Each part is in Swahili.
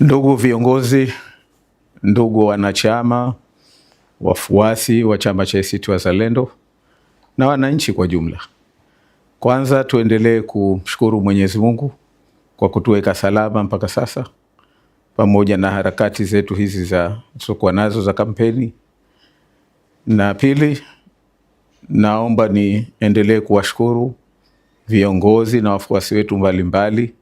Ndugu viongozi, ndugu wanachama, wafuasi wa chama cha ACT Wazalendo na wananchi kwa jumla, kwanza tuendelee kumshukuru Mwenyezi Mungu kwa kutuweka salama mpaka sasa, pamoja na harakati zetu hizi za zokuwa nazo za kampeni. Na pili, naomba niendelee kuwashukuru viongozi na wafuasi wetu mbalimbali mbali,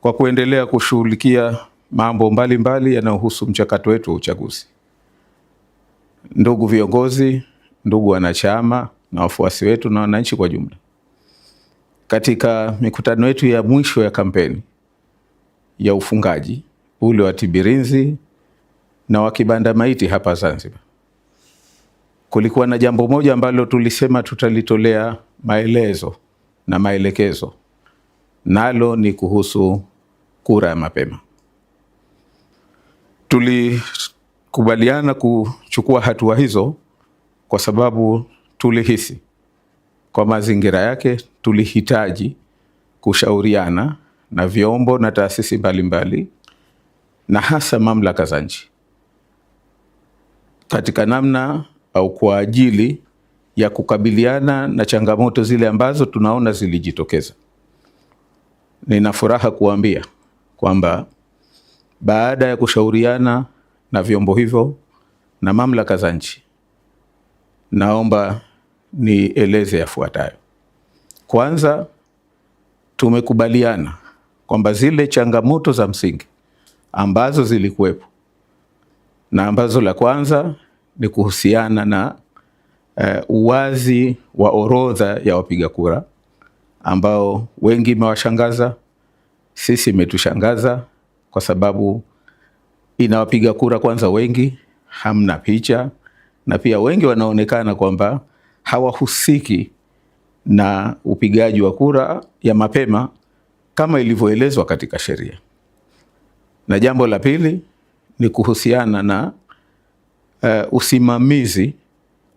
kwa kuendelea kushughulikia mambo mbalimbali yanayohusu mchakato wetu wa uchaguzi. Ndugu viongozi, ndugu wanachama na wafuasi wetu na wananchi kwa jumla, katika mikutano yetu ya mwisho ya kampeni ya ufungaji ule wa Tibirinzi na wa Kibanda Maiti hapa Zanzibar, kulikuwa na jambo moja ambalo tulisema tutalitolea maelezo na maelekezo, nalo ni kuhusu kura ya mapema. Tulikubaliana kuchukua hatua hizo kwa sababu tulihisi kwa mazingira yake tulihitaji kushauriana na vyombo na taasisi mbalimbali na hasa mamlaka za nchi katika namna au kwa ajili ya kukabiliana na changamoto zile ambazo tunaona zilijitokeza. Nina furaha kuambia kwamba baada ya kushauriana na vyombo hivyo na mamlaka za nchi, naomba nieleze yafuatayo. Kwanza, tumekubaliana kwamba zile changamoto za msingi ambazo zilikuwepo na ambazo la kwanza ni kuhusiana na uh, uwazi wa orodha ya wapiga kura ambao wengi imewashangaza, sisi imetushangaza kwa sababu inawapiga kura kwanza wengi, hamna picha, na pia wengi wanaonekana kwamba hawahusiki na upigaji wa kura ya mapema kama ilivyoelezwa katika sheria. Na jambo la pili ni kuhusiana na uh, usimamizi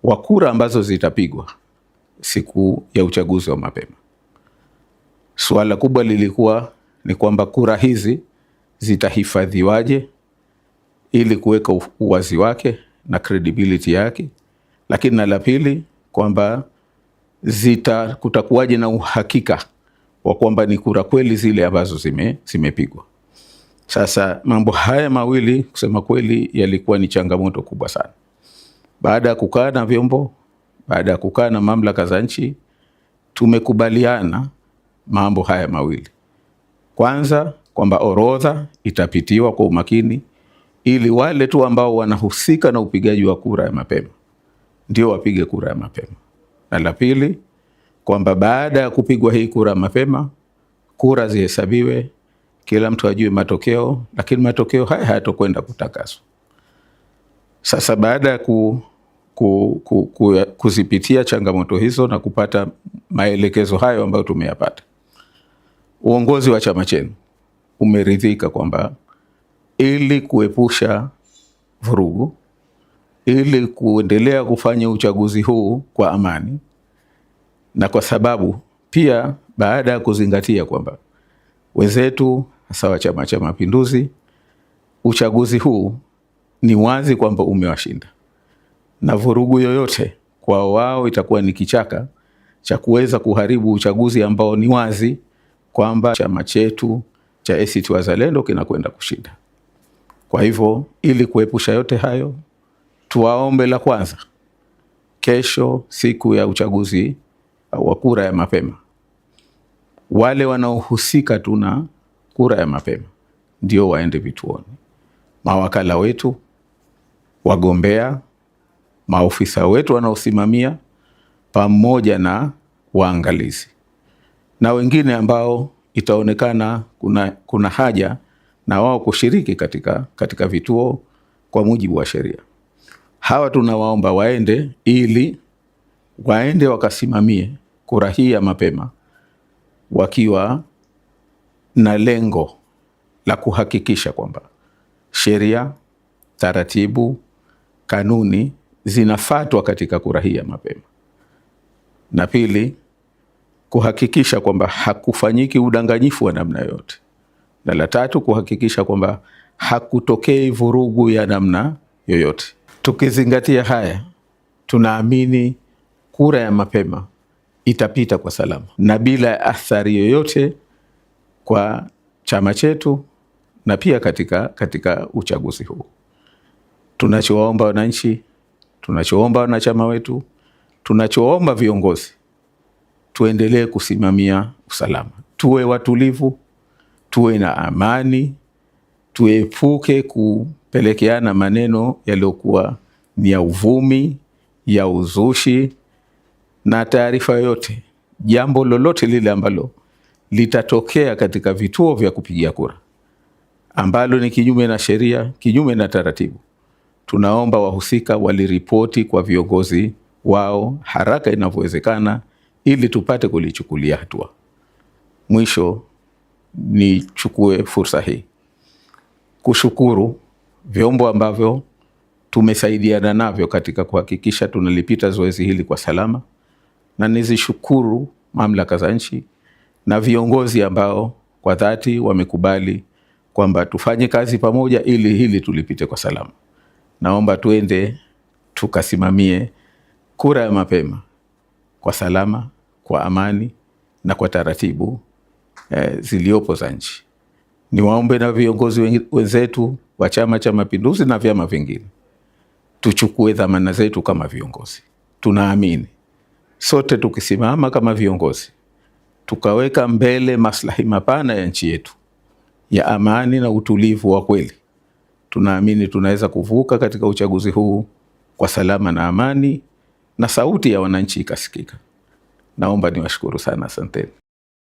wa kura ambazo zitapigwa siku ya uchaguzi wa mapema. Suala kubwa lilikuwa ni kwamba kura hizi zitahifadhiwaje ili kuweka uwazi wake na credibility yake, lakini na la pili kwamba zita kutakuwaje na uhakika wa kwamba ni kura kweli zile ambazo zimepigwa. Sasa mambo haya mawili kusema kweli yalikuwa ni changamoto kubwa sana. Baada ya kukaa na vyombo, baada ya kukaa na mamlaka za nchi, tumekubaliana mambo haya mawili. Kwanza kwamba orodha itapitiwa kwa umakini ili wale tu ambao wanahusika na upigaji wa kura ya mapema ndio wapige kura ya mapema, na la pili kwamba baada ya kupigwa hii kura ya mapema, kura zihesabiwe, kila mtu ajue matokeo, lakini matokeo haya hayatokwenda kutakaswa. Sasa baada ya ku, ku, ku, ku, kuzipitia changamoto hizo na kupata maelekezo hayo ambayo tumeyapata, uongozi wa chama chenu umeridhika kwamba ili kuepusha vurugu, ili kuendelea kufanya uchaguzi huu kwa amani, na kwa sababu pia baada ya kuzingatia kwamba wenzetu hasa wa Chama cha Mapinduzi, uchaguzi huu ni wazi kwamba umewashinda na vurugu yoyote kwa wao itakuwa ni kichaka cha kuweza kuharibu uchaguzi ambao ni wazi kwamba chama chetu cha ACT Wazalendo kinakwenda kushinda. Kwa hivyo, ili kuepusha yote hayo, tuwaombe la kwanza, kesho siku ya uchaguzi uh, wa kura ya mapema, wale wanaohusika tu na kura ya mapema ndio waende vituoni, mawakala wetu, wagombea, maofisa wetu wanaosimamia, pamoja na waangalizi na wengine ambao itaonekana kuna, kuna haja na wao kushiriki katika, katika vituo kwa mujibu wa sheria. Hawa tunawaomba waende ili waende wakasimamie kura hii ya mapema wakiwa na lengo la kuhakikisha kwamba sheria, taratibu, kanuni zinafatwa katika kura hii ya mapema. Na pili kuhakikisha kwamba hakufanyiki udanganyifu wa namna yote, na la tatu kuhakikisha kwamba hakutokei vurugu ya namna yoyote. Tukizingatia haya, tunaamini kura ya mapema itapita kwa salama na bila ya athari yoyote kwa chama chetu na pia katika, katika uchaguzi huu. Tunachowaomba wananchi, tunachoomba wanachama wetu, tunachoomba viongozi tuendelee kusimamia usalama, tuwe watulivu, tuwe na amani, tuepuke kupelekeana maneno yaliyokuwa ni ya uvumi, ya uzushi na taarifa yoyote. Jambo lolote lile ambalo litatokea katika vituo vya kupigia kura ambalo ni kinyume na sheria, kinyume na taratibu, tunaomba wahusika waliripoti kwa viongozi wao haraka inavyowezekana ili tupate kulichukulia hatua. Mwisho nichukue fursa hii kushukuru vyombo ambavyo tumesaidiana navyo katika kuhakikisha tunalipita zoezi hili kwa salama, na nizishukuru mamlaka za nchi na viongozi ambao kwa dhati wamekubali kwamba tufanye kazi pamoja ili hili tulipite kwa salama. Naomba tuende tukasimamie kura ya mapema kwa salama, kwa amani na kwa taratibu eh, ziliyopo za nchi. Niwaombe na viongozi wenzetu wa Chama cha Mapinduzi na vyama vingine tuchukue dhamana zetu kama viongozi. Tunaamini sote tukisimama kama viongozi tukaweka mbele maslahi mapana ya nchi yetu ya amani na utulivu wa kweli, tunaamini tunaweza kuvuka katika uchaguzi huu kwa salama na amani na sauti ya wananchi ikasikika. Naomba niwashukuru sana, asanteni.